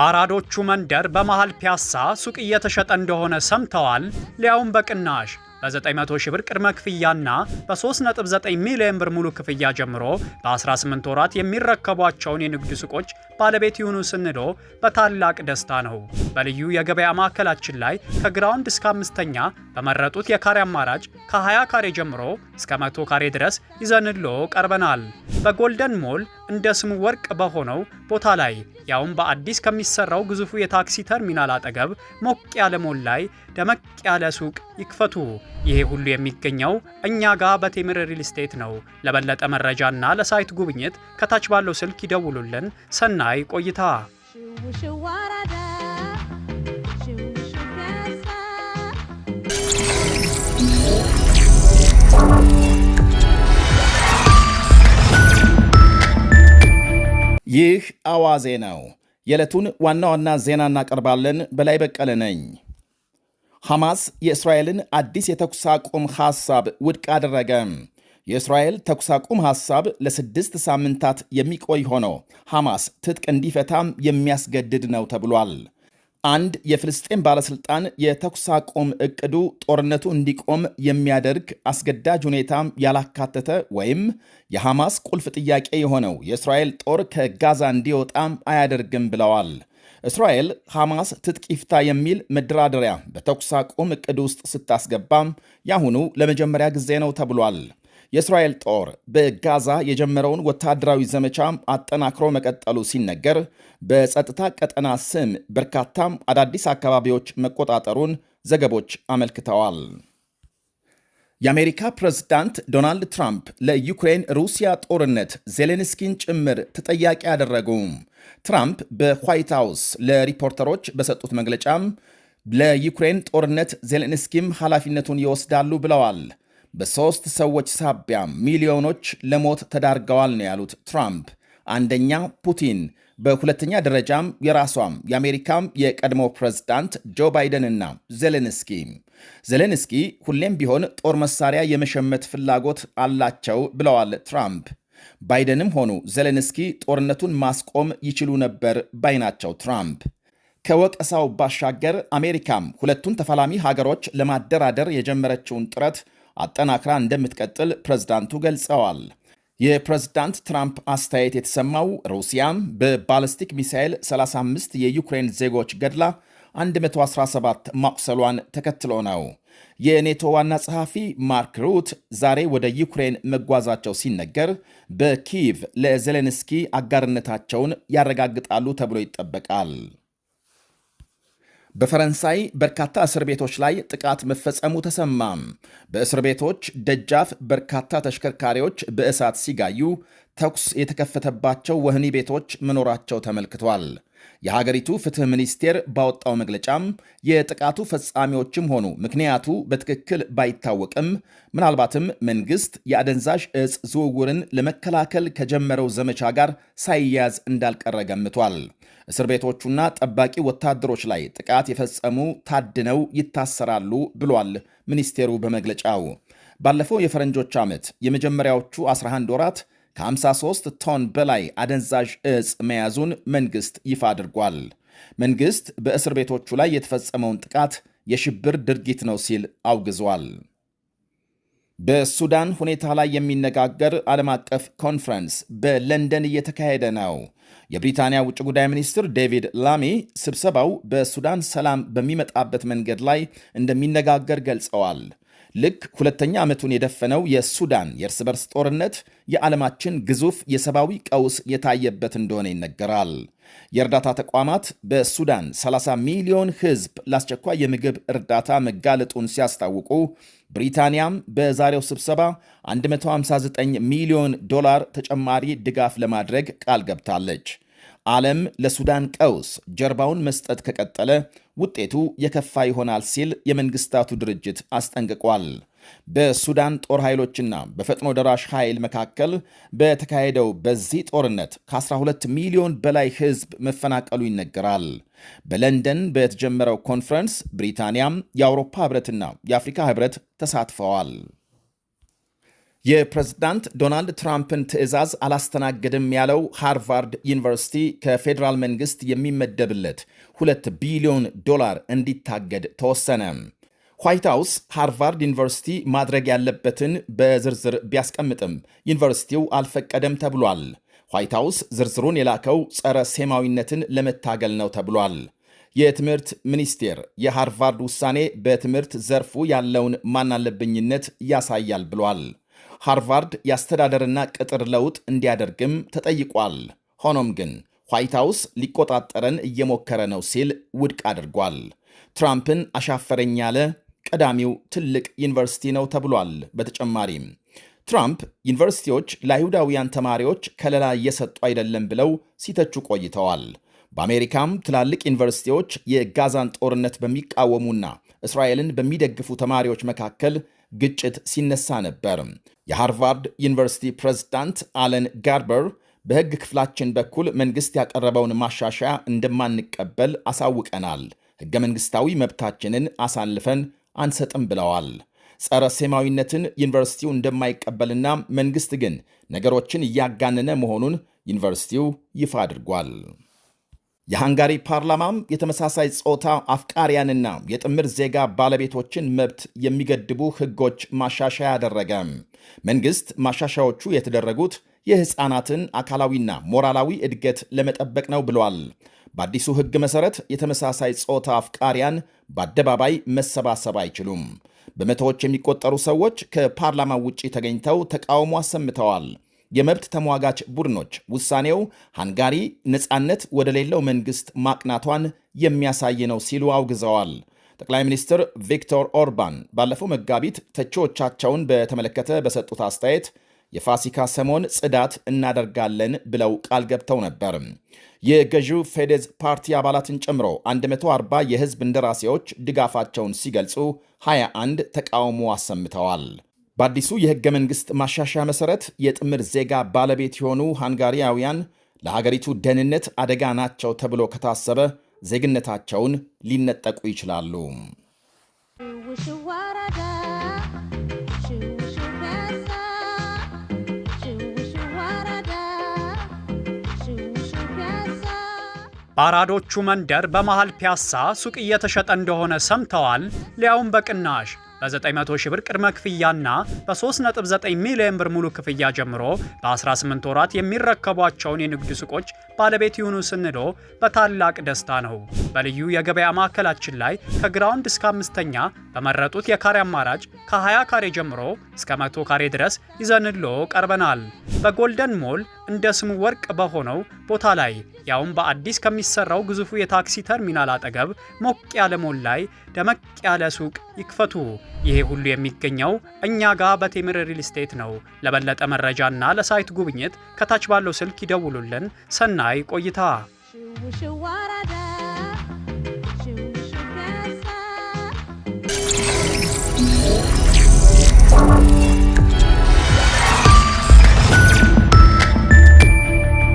ባራዶቹ መንደር በመሃል ፒያሳ ሱቅ እየተሸጠ እንደሆነ ሰምተዋል? ሊያውም በቅናሽ በ900 ሺህ ብር ቅድመ ክፍያና በ3.9 ሚሊዮን ብር ሙሉ ክፍያ ጀምሮ በ18 ወራት የሚረከቧቸውን የንግድ ሱቆች ባለቤት ይሁኑ ስንሎ በታላቅ ደስታ ነው። በልዩ የገበያ ማዕከላችን ላይ ከግራውንድ እስከ አምስተኛ በመረጡት የካሬ አማራጭ ከ20 ካሬ ጀምሮ እስከ 100 ካሬ ድረስ ይዘንሎ ቀርበናል። በጎልደን ሞል እንደ ስሙ ወርቅ በሆነው ቦታ ላይ ያውም በአዲስ ከሚሰራው ግዙፉ የታክሲ ተርሚናል አጠገብ ሞቅ ያለ ሞል ላይ ደመቅ ያለ ሱቅ ይክፈቱ። ይሄ ሁሉ የሚገኘው እኛ ጋር በቴምር ሪል ስቴት ነው። ለበለጠ መረጃና ለሳይት ጉብኝት ከታች ባለው ስልክ ይደውሉልን። ሰናይ ቆይታ ይህ አዋዜ ነው። የዕለቱን ዋና ዋና ዜና እናቀርባለን። በላይ በቀለ ነኝ። ሐማስ የእስራኤልን አዲስ የተኩስ አቁም ሐሳብ ውድቅ አደረገ። የእስራኤል ተኩስ አቁም ሐሳብ ለስድስት ሳምንታት የሚቆይ ሆኖ ሐማስ ትጥቅ እንዲፈታም የሚያስገድድ ነው ተብሏል። አንድ የፍልስጤም ባለስልጣን የተኩስ አቁም እቅዱ ጦርነቱ እንዲቆም የሚያደርግ አስገዳጅ ሁኔታም ያላካተተ ወይም የሐማስ ቁልፍ ጥያቄ የሆነው የእስራኤል ጦር ከጋዛ እንዲወጣም አያደርግም ብለዋል። እስራኤል ሐማስ ትጥቅ ይፍታ የሚል መደራደሪያ በተኩስ አቁም እቅድ ውስጥ ስታስገባም ያሁኑ ለመጀመሪያ ጊዜ ነው ተብሏል። የእስራኤል ጦር በጋዛ የጀመረውን ወታደራዊ ዘመቻ አጠናክሮ መቀጠሉ ሲነገር በጸጥታ ቀጠና ስም በርካታም አዳዲስ አካባቢዎች መቆጣጠሩን ዘገቦች አመልክተዋል። የአሜሪካ ፕሬዝዳንት ዶናልድ ትራምፕ ለዩክሬን ሩሲያ ጦርነት ዜሌንስኪን ጭምር ተጠያቂ አደረጉ። ትራምፕ በዋይት ሃውስ ለሪፖርተሮች በሰጡት መግለጫም ለዩክሬን ጦርነት ዜሌንስኪም ኃላፊነቱን ይወስዳሉ ብለዋል። በሦስት ሰዎች ሳቢያ ሚሊዮኖች ለሞት ተዳርገዋል ነው ያሉት ትራምፕ። አንደኛ ፑቲን፣ በሁለተኛ ደረጃም የራሷም የአሜሪካም የቀድሞ ፕሬዝዳንት ጆ ባይደንና ዜሌንስኪ። ዜሌንስኪ ሁሌም ቢሆን ጦር መሳሪያ የመሸመት ፍላጎት አላቸው ብለዋል ትራምፕ። ባይደንም ሆኑ ዜሌንስኪ ጦርነቱን ማስቆም ይችሉ ነበር ባይናቸው ትራምፕ። ከወቀሳው ባሻገር አሜሪካም ሁለቱን ተፋላሚ ሀገሮች ለማደራደር የጀመረችውን ጥረት አጠናክራ እንደምትቀጥል ፕሬዝዳንቱ ገልጸዋል። የፕሬዝዳንት ትራምፕ አስተያየት የተሰማው ሩሲያም በባለስቲክ ሚሳይል 35 የዩክሬን ዜጎች ገድላ 117 ማቁሰሏን ተከትሎ ነው። የኔቶ ዋና ጸሐፊ ማርክ ሩት ዛሬ ወደ ዩክሬን መጓዛቸው ሲነገር በኪየቭ ለዜሌንስኪ አጋርነታቸውን ያረጋግጣሉ ተብሎ ይጠበቃል። በፈረንሳይ በርካታ እስር ቤቶች ላይ ጥቃት መፈጸሙ ተሰማ። በእስር ቤቶች ደጃፍ በርካታ ተሽከርካሪዎች በእሳት ሲጋዩ ተኩስ የተከፈተባቸው ወህኒ ቤቶች መኖራቸው ተመልክቷል። የሀገሪቱ ፍትህ ሚኒስቴር ባወጣው መግለጫም የጥቃቱ ፈጻሚዎችም ሆኑ ምክንያቱ በትክክል ባይታወቅም ምናልባትም መንግስት የአደንዛዥ እጽ ዝውውርን ለመከላከል ከጀመረው ዘመቻ ጋር ሳይያዝ እንዳልቀረ ገምቷል። እስር ቤቶቹና ጠባቂ ወታደሮች ላይ ጥቃት የፈጸሙ ታድነው ይታሰራሉ ብሏል ሚኒስቴሩ በመግለጫው ባለፈው የፈረንጆች ዓመት የመጀመሪያዎቹ 11 ወራት ከ53 ቶን በላይ አደንዛዥ እጽ መያዙን መንግስት ይፋ አድርጓል። መንግስት በእስር ቤቶቹ ላይ የተፈጸመውን ጥቃት የሽብር ድርጊት ነው ሲል አውግዟል። በሱዳን ሁኔታ ላይ የሚነጋገር ዓለም አቀፍ ኮንፈረንስ በለንደን እየተካሄደ ነው። የብሪታንያ ውጭ ጉዳይ ሚኒስትር ዴቪድ ላሚ ስብሰባው በሱዳን ሰላም በሚመጣበት መንገድ ላይ እንደሚነጋገር ገልጸዋል። ልክ ሁለተኛ ዓመቱን የደፈነው የሱዳን የእርስ በርስ ጦርነት የዓለማችን ግዙፍ የሰብአዊ ቀውስ የታየበት እንደሆነ ይነገራል። የእርዳታ ተቋማት በሱዳን 30 ሚሊዮን ሕዝብ ለአስቸኳይ የምግብ እርዳታ መጋለጡን ሲያስታውቁ ብሪታንያም በዛሬው ስብሰባ 159 ሚሊዮን ዶላር ተጨማሪ ድጋፍ ለማድረግ ቃል ገብታለች። ዓለም ለሱዳን ቀውስ ጀርባውን መስጠት ከቀጠለ ውጤቱ የከፋ ይሆናል ሲል የመንግስታቱ ድርጅት አስጠንቅቋል። በሱዳን ጦር ኃይሎችና በፈጥኖ ደራሽ ኃይል መካከል በተካሄደው በዚህ ጦርነት ከ12 ሚሊዮን በላይ ሕዝብ መፈናቀሉ ይነገራል። በለንደን በተጀመረው ኮንፈረንስ ብሪታንያም የአውሮፓ ህብረትና የአፍሪካ ህብረት ተሳትፈዋል። የፕሬዝዳንት ዶናልድ ትራምፕን ትዕዛዝ አላስተናገድም ያለው ሃርቫርድ ዩኒቨርሲቲ ከፌዴራል መንግስት የሚመደብለት ሁለት ቢሊዮን ዶላር እንዲታገድ ተወሰነ። ዋይት ሃውስ ሃርቫርድ ዩኒቨርሲቲ ማድረግ ያለበትን በዝርዝር ቢያስቀምጥም ዩኒቨርሲቲው አልፈቀደም ተብሏል። ዋይት ሃውስ ዝርዝሩን የላከው ጸረ ሴማዊነትን ለመታገል ነው ተብሏል። የትምህርት ሚኒስቴር የሃርቫርድ ውሳኔ በትምህርት ዘርፉ ያለውን ማናለብኝነት ያሳያል ብሏል። ሃርቫርድ የአስተዳደርና ቅጥር ለውጥ እንዲያደርግም ተጠይቋል። ሆኖም ግን ዋይት ሀውስ ሊቆጣጠረን እየሞከረ ነው ሲል ውድቅ አድርጓል። ትራምፕን አሻፈረኝ ያለ ቀዳሚው ትልቅ ዩኒቨርሲቲ ነው ተብሏል። በተጨማሪም ትራምፕ ዩኒቨርሲቲዎች ለአይሁዳውያን ተማሪዎች ከለላ እየሰጡ አይደለም ብለው ሲተቹ ቆይተዋል። በአሜሪካም ትላልቅ ዩኒቨርሲቲዎች የጋዛን ጦርነት በሚቃወሙና እስራኤልን በሚደግፉ ተማሪዎች መካከል ግጭት ሲነሳ ነበር። የሃርቫርድ ዩኒቨርሲቲ ፕሬዝዳንት አለን ጋርበር በሕግ ክፍላችን በኩል መንግሥት ያቀረበውን ማሻሻያ እንደማንቀበል አሳውቀናል፣ ሕገ መንግሥታዊ መብታችንን አሳልፈን አንሰጥም ብለዋል። ጸረ ሴማዊነትን ዩኒቨርሲቲው እንደማይቀበልና መንግሥት ግን ነገሮችን እያጋነነ መሆኑን ዩኒቨርሲቲው ይፋ አድርጓል። የሃንጋሪ ፓርላማም የተመሳሳይ ጾታ አፍቃሪያንና የጥምር ዜጋ ባለቤቶችን መብት የሚገድቡ ሕጎች ማሻሻያ አደረገ። መንግሥት ማሻሻያዎቹ የተደረጉት የሕፃናትን አካላዊና ሞራላዊ እድገት ለመጠበቅ ነው ብሏል። በአዲሱ ሕግ መሠረት የተመሳሳይ ጾታ አፍቃሪያን በአደባባይ መሰባሰብ አይችሉም። በመቶዎች የሚቆጠሩ ሰዎች ከፓርላማው ውጪ ተገኝተው ተቃውሞ አሰምተዋል። የመብት ተሟጋች ቡድኖች ውሳኔው ሃንጋሪ ነፃነት ወደሌለው መንግሥት ማቅናቷን የሚያሳይ ነው ሲሉ አውግዘዋል። ጠቅላይ ሚኒስትር ቪክቶር ኦርባን ባለፈው መጋቢት ተቺዎቻቸውን በተመለከተ በሰጡት አስተያየት የፋሲካ ሰሞን ጽዳት እናደርጋለን ብለው ቃል ገብተው ነበር። የገዢው ፌዴዝ ፓርቲ አባላትን ጨምሮ 140 የሕዝብ እንደራሴዎች ድጋፋቸውን ሲገልጹ 21 ተቃውሞ አሰምተዋል። በአዲሱ የህገ መንግሥት ማሻሻያ መሠረት የጥምር ዜጋ ባለቤት የሆኑ ሃንጋሪያውያን ለሀገሪቱ ደህንነት አደጋ ናቸው ተብሎ ከታሰበ ዜግነታቸውን ሊነጠቁ ይችላሉ። ባራዶቹ መንደር በመሃል ፒያሳ ሱቅ እየተሸጠ እንደሆነ ሰምተዋል? ሊያውም በቅናሽ በ900 ሺህ ብር ቅድመ ክፍያና በ3.9 ሚሊዮን ብር ሙሉ ክፍያ ጀምሮ በ18 ወራት የሚረከቧቸውን የንግድ ሱቆች ባለቤት ይሁኑ ስንሎ በታላቅ ደስታ ነው። በልዩ የገበያ ማዕከላችን ላይ ከግራውንድ እስከ አምስተኛ በመረጡት የካሬ አማራጭ ከ20 ካሬ ጀምሮ እስከ መቶ ካሬ ድረስ ይዘንሎ ቀርበናል። በጎልደን ሞል እንደ ስሙ ወርቅ በሆነው ቦታ ላይ ያውም በአዲስ ከሚሰራው ግዙፉ የታክሲ ተርሚናል አጠገብ ሞቅ ያለ ሞል ላይ ደመቅ ያለ ሱቅ ይክፈቱ። ይሄ ሁሉ የሚገኘው እኛ ጋር በቴምር ሪል ስቴት ነው። ለበለጠ መረጃና ለሳይት ጉብኝት ከታች ባለው ስልክ ይደውሉልን። ሰናይ ቆይታ። you